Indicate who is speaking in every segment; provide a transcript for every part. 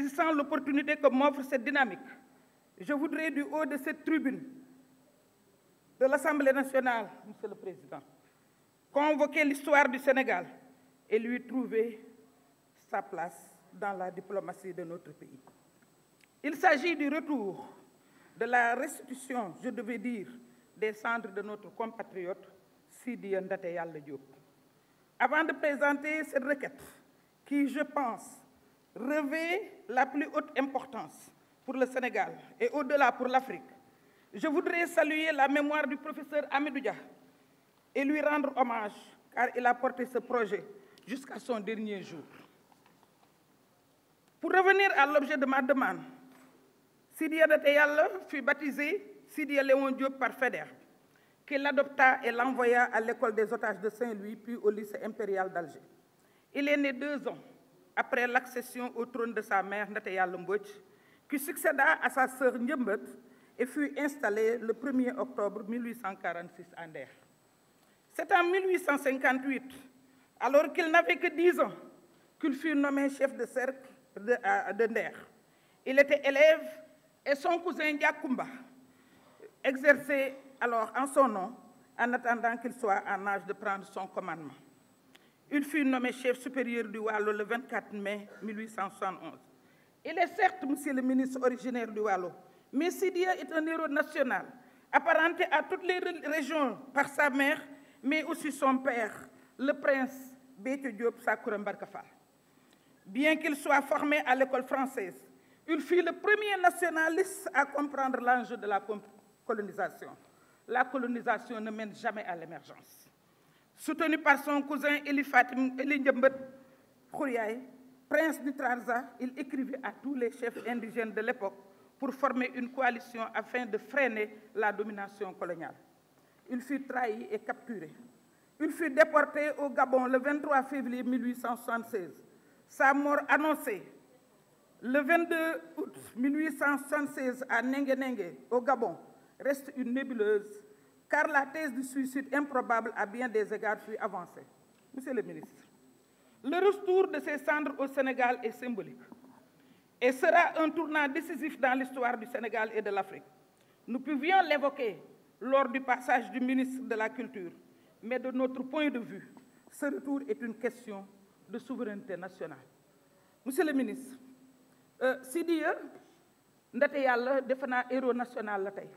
Speaker 1: Saisissant l'opportunité que m'offre cette dynamique, je voudrais du haut de cette tribune de l'Assemblée nationale, Monsieur le Président, convoquer l'histoire du Sénégal et lui trouver sa place dans la diplomatie de notre pays. Il s'agit du retour, de la restitution, je devais dire, des cendres de notre compatriote Sidi le Diop. Avant de présenter cette requête, qui, je pense, revêt la plus haute importance pour le Sénégal et au-delà pour l'Afrique. Je voudrais saluer la mémoire du professeur Amidou et lui rendre hommage car il a porté ce projet jusqu'à son dernier jour. Pour revenir à l'objet de ma demande, Sidia de fut baptisé Sidia Léon Diop par FEDER, qui l'adopta et l'envoya à l'école des otages de Saint-Louis, puis au lycée impérial d'Alger. Il est né deux ans après l'accession au trône de sa mère Yalla Mbodj, qui succéda à sa sœur Ndiembet et fut installée le 1er octobre 1846 à Nder. C'est en 1858, alors qu'il n'avait que 10 ans, qu'il fut nommé chef de cercle de, de Il était élève et son cousin Yakumba exerçait alors en son nom en attendant qu'il soit en âge de prendre son commandement. Il fut nommé chef supérieur du Wallo le 24 mai 1871. Il est certes, monsieur le ministre, originaire du Wallo, mais Sidia est un héros national, apparenté à toutes les régions par sa mère, mais aussi son père, le prince Bétudio Diop Bien qu'il soit formé à l'école française, il fut le premier nationaliste à comprendre l'enjeu de la colonisation. La colonisation ne mène jamais à l'émergence soutenu par son cousin Elifat Fatim Eli prince du il écrivait à tous les chefs indigènes de l'époque pour former une coalition afin de freiner la domination coloniale. Il fut trahi et capturé. Il fut déporté au Gabon le 23 février 1876. Sa mort annoncée le 22 août 1876 à Nengenenge, au Gabon, reste une nébuleuse car la thèse du suicide improbable à bien des égards fut avancée. Monsieur le ministre, le retour de ces cendres au Sénégal est symbolique et sera un tournant décisif dans l'histoire du Sénégal et de l'Afrique. Nous pouvions l'évoquer lors du passage du ministre de la Culture, mais de notre point de vue, ce retour est une question de souveraineté nationale. Monsieur le ministre, euh, si dire ndate pas héros national la terre,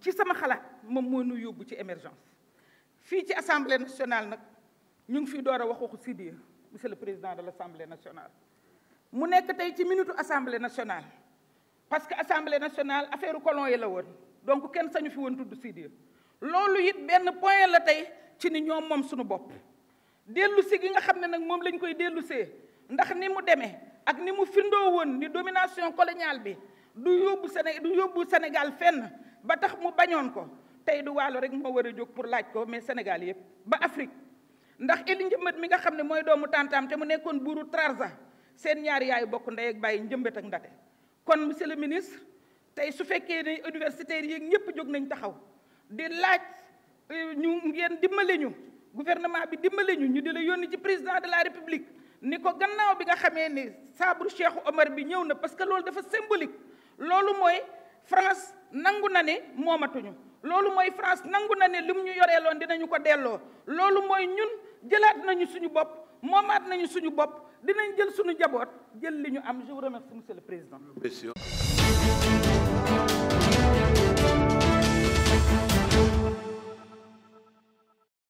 Speaker 1: ci sama xalaat moom moo nu yóbbu ci émergence fii ci assemblée nationale nag ñu ngi fiy door a wax waxu Sidy monsieur le président de l' nationale. mu nekk tey ci minutu assemblée nationale parce que assemblée nationale affaire colon yi la woon donc kenn sañu fi woon tudd Sidy loolu it benn point la tey ci ni ñoom moom suñu bopp. dellu si gi nga xam ne nag moom lañ koy dellusee ndax ni mu demee ak ni mu firndoo woon ni domination coloniale bi du yóbbu Séné du Sénégal fenn. ba tax mu bañoon ko tey du waalo rek moo war a jóg pour laaj ko mais Sénégal yëpp ba Afrique ndax Eli Njëmbët mi nga xam ne mooy doomu tantam te mu nekkoon buuru Trarza seen ñaari yaay bokk ndey ak bàyyi njëmbët ak ndate kon monsieur le ministre tey su fekkee ne universitaires yi ñëpp jóg nañ taxaw di laaj euh, ñu ngeen dimbali ñu gouvernement bi dimbali ñu ñu di la yónni ci président de la république ni ko gannaaw bi nga xamee ni saabu Cheikh Omar bi ñëw na parce que loolu dafa symbolique loolu mooy. France nangu na ni moomatuñu loolu mooy France nangu na ne mu ñu yoree loon dinañu ko delloo loolu mooy ñun jëlaat nañu suñu bopp moomaat nañu suñu bopp dinañ jël suñu jaboot jël li ñu am je vous remercie monsieur le président.